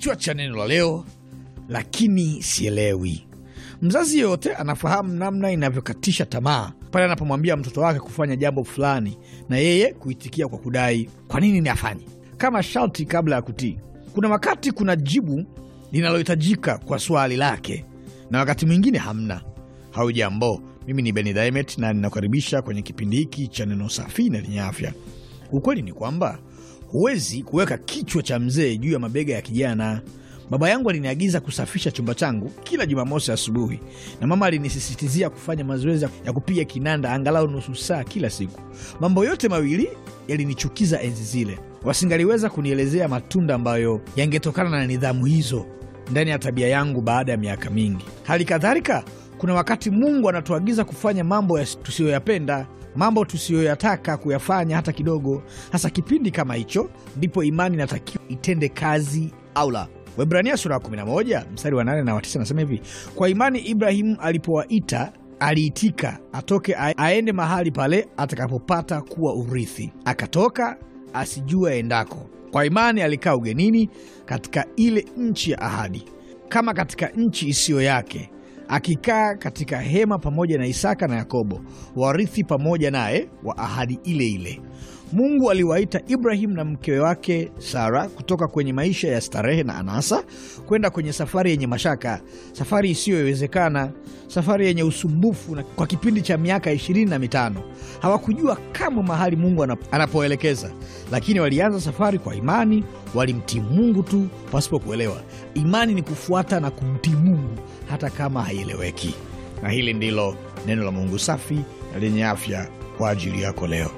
Kichwa cha neno la leo: lakini sielewi. Mzazi yeyote anafahamu namna inavyokatisha tamaa pale anapomwambia mtoto wake kufanya jambo fulani na yeye kuitikia kwa kudai kwa nini ni afanye kama sharti kabla ya kutii. Kuna wakati kuna jibu linalohitajika kwa swali lake na wakati mwingine hamna. hau jambo mimi ni Beni Daimet na ninakukaribisha kwenye kipindi hiki cha neno safi na lenye afya. Ukweli ni kwamba huwezi kuweka kichwa cha mzee juu ya mabega ya kijana. Baba yangu aliniagiza kusafisha chumba changu kila Jumamosi asubuhi, na mama alinisisitizia kufanya mazoezi ya kupiga kinanda angalau nusu saa kila siku. Mambo yote mawili yalinichukiza enzi zile. Wasingaliweza kunielezea matunda ambayo yangetokana na nidhamu hizo ndani ya tabia yangu baada ya miaka mingi. Hali kadhalika, kuna wakati Mungu anatuagiza kufanya mambo tusiyoyapenda mambo tusiyoyataka kuyafanya hata kidogo. Hasa kipindi kama hicho ndipo imani inatakiwa itende kazi au la. Waebrania sura ya 11 mstari wa 8 na 9 anasema hivi: kwa imani Ibrahimu alipowaita aliitika, atoke aende mahali pale atakapopata kuwa urithi, akatoka asijua endako. Kwa imani alikaa ugenini katika ile nchi ya ahadi, kama katika nchi isiyo yake akikaa katika hema pamoja na Isaka na Yakobo, warithi pamoja naye wa ahadi ile ile. Mungu aliwaita Ibrahim na mkewe wake Sara kutoka kwenye maisha ya starehe na anasa kwenda kwenye safari yenye mashaka, safari isiyowezekana, safari yenye usumbufu na kwa kipindi cha miaka ishirini na mitano. Hawakujua kama mahali Mungu anapoelekeza, lakini walianza safari kwa imani. Walimtii Mungu tu pasipo kuelewa. Imani ni kufuata na kumtii Mungu hata kama haieleweki. Na hili ndilo neno la Mungu safi na lenye afya kwa ajili yako leo.